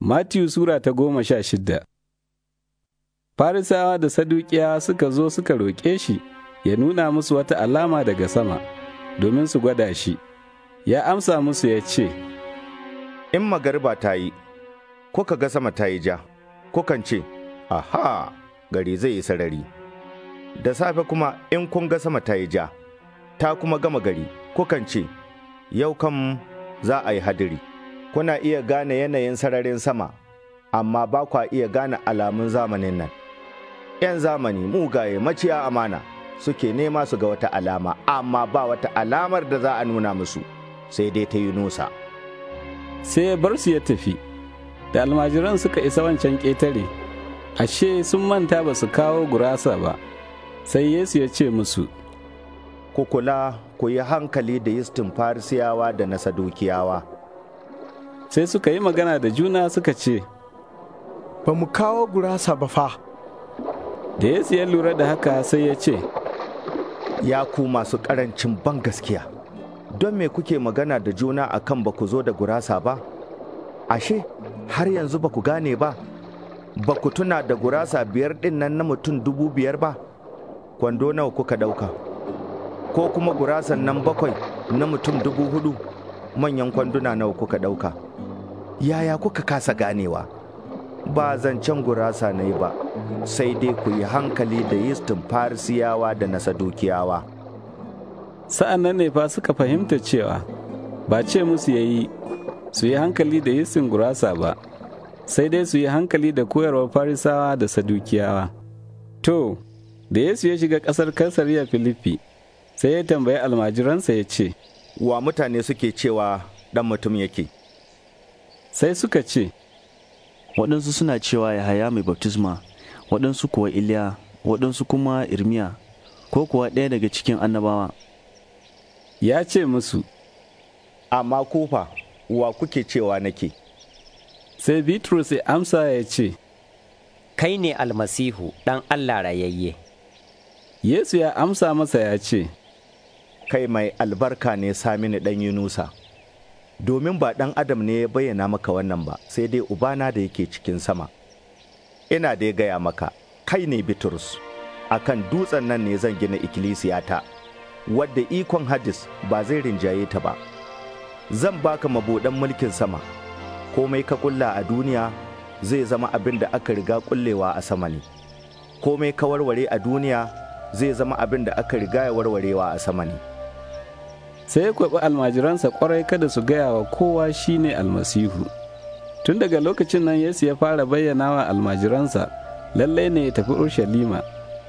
Matiyu Sura ta goma sha shidda Farisawa da Sadukiya suka zo suka roƙe shi ya nuna musu wata alama daga sama domin su gwada shi. Ya amsa musu ya ce, In magarba ta yi, ko ka ga sama ta yi ja, kukan ce, Aha, gari zai yi sarari. Da safe kuma in kun ga sama ta yi ja, ta kuma gama gari, kukan ce, Yau kam za a yi hadiri. kuna iya gane yanayin sararin sama, amma ba kwa iya gane alamun zamanin nan. ‘Yan zamani mugaye maciya amana suke nema su ga wata alama, amma ba wata alamar da za a nuna musu, sai dai ta yi nusa. Sai ya bar su ya tafi, da almajiran suka isa wancan ƙetare, ashe sun manta ba su kawo gurasa ba, sai Yesu ya ce musu. Ku kula ku yi hankali da yistin Farisiyawa da na Sadukiyawa. sai suka yi magana da juna suka ce ba mu kawo gurasa ba fa da yesu ya lura da haka sai ya ce ya ku masu karancin ban gaskiya don me kuke magana da juna akan ba ku zo da gurasa ba ashe har yanzu ba ku gane ba ba ku tuna da gurasa biyar ɗin nan na mutum dubu biyar ba kwando nawa kuka ɗauka ko kuma gurasan nan bakwai na mutum dubu hudu manyan kwanduna nawa kuka ɗauka yaya kuka kasa ganewa ba zancen gurasa na yi ba sai dai ku yi hankali da yistin farisiyawa da na sadukiyawa sa'an nan ne fa suka fahimta cewa ba ce musu ya yi su yi hankali da yistin gurasa ba sai dai su yi hankali da koyarwar farisawa da sadukiyawa to da yesu ya shiga ƙasar kasariya filifi sai ya tambayi almajiransa ya ce wa mutane suke cewa ɗan mutum yake sai suka ce waɗansu suna cewa yahaya mai baftisma waɗansu kuwa iliya waɗansu kuma irmiya ko kuwa ɗaya daga cikin annabawa ya ce musu amma kofa wa kuke cewa nake sai bitrus ya amsa ya ce kai ne almasihu ɗan allah rayayye yesu ya amsa masa ya ce kai mai albarka ne Saminu ɗan yunusa domin ba ɗan adam ne ya bayyana maka wannan ba sai dai ubana da yake cikin sama ina da ya gaya maka kai ne bitrus akan dutsen nan ne zan gina ikkilisiyata wadda ikon hadis ba zai rinjaye ta ba zan baka mabuɗan mulkin sama komai ka kulla a duniya zai zama abin da aka riga kullewa a sama ne komai ka warware a duniya zai zama abin da aka riga ya warwarewa a sama ne sai ya kwaɓi almajiransa kwarai kada su gaya wa kowa shine almasihu tun daga lokacin nan yesu ya fara bayyana wa almajiransa lallai ne ya tafi urshalima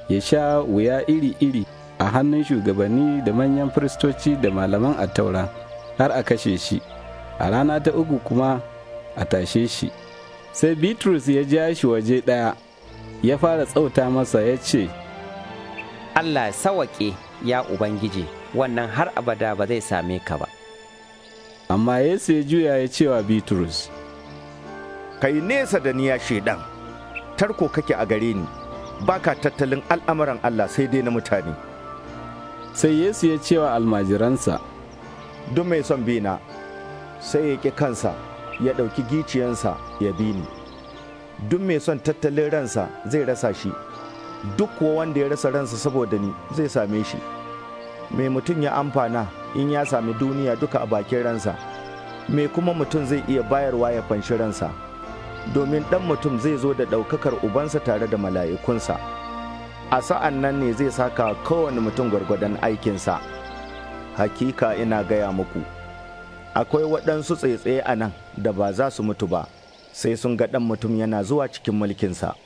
ya sha wuya iri-iri a hannun shugabanni da manyan firistoci da malaman a attaura har a kashe shi a rana ta uku kuma a tashe shi sai bitrus ya ja shi waje ɗaya ya fara tsauta masa ya ce allah sawaƙe ya Ubangiji, wannan har abada ba zai same ka ba. Amma Yesu ya juya ya cewa Bitrus, Kai nesa da niya shaidan, tarko kake a gare ni, baka tattalin al'amuran Allah sai dai na mutane. Sai Yesu ya cewa almajiransa, Duk mai son bina, sai ya ƙi kansa, ya ɗauki giciyansa ya bi ni. Duk mai son tattalin ransa zai rasa shi, duk kuwa wanda ya rasa ransa saboda ni zai same shi. me mutum ya amfana in ya sami duniya duka a bakin ransa mai kuma mutum zai iya bayarwa ya fanshi ransa domin ɗan mutum zai zo da ɗaukakar ubansa tare da mala'ikunsa a sa'an nan ne zai saka kowane mutum gwargwadon aikinsa hakika ina gaya muku akwai waɗansu tsaye-tsaye a nan da ba za su mutu ba sai sun ga ɗan mutum yana zuwa cikin mulkinsa.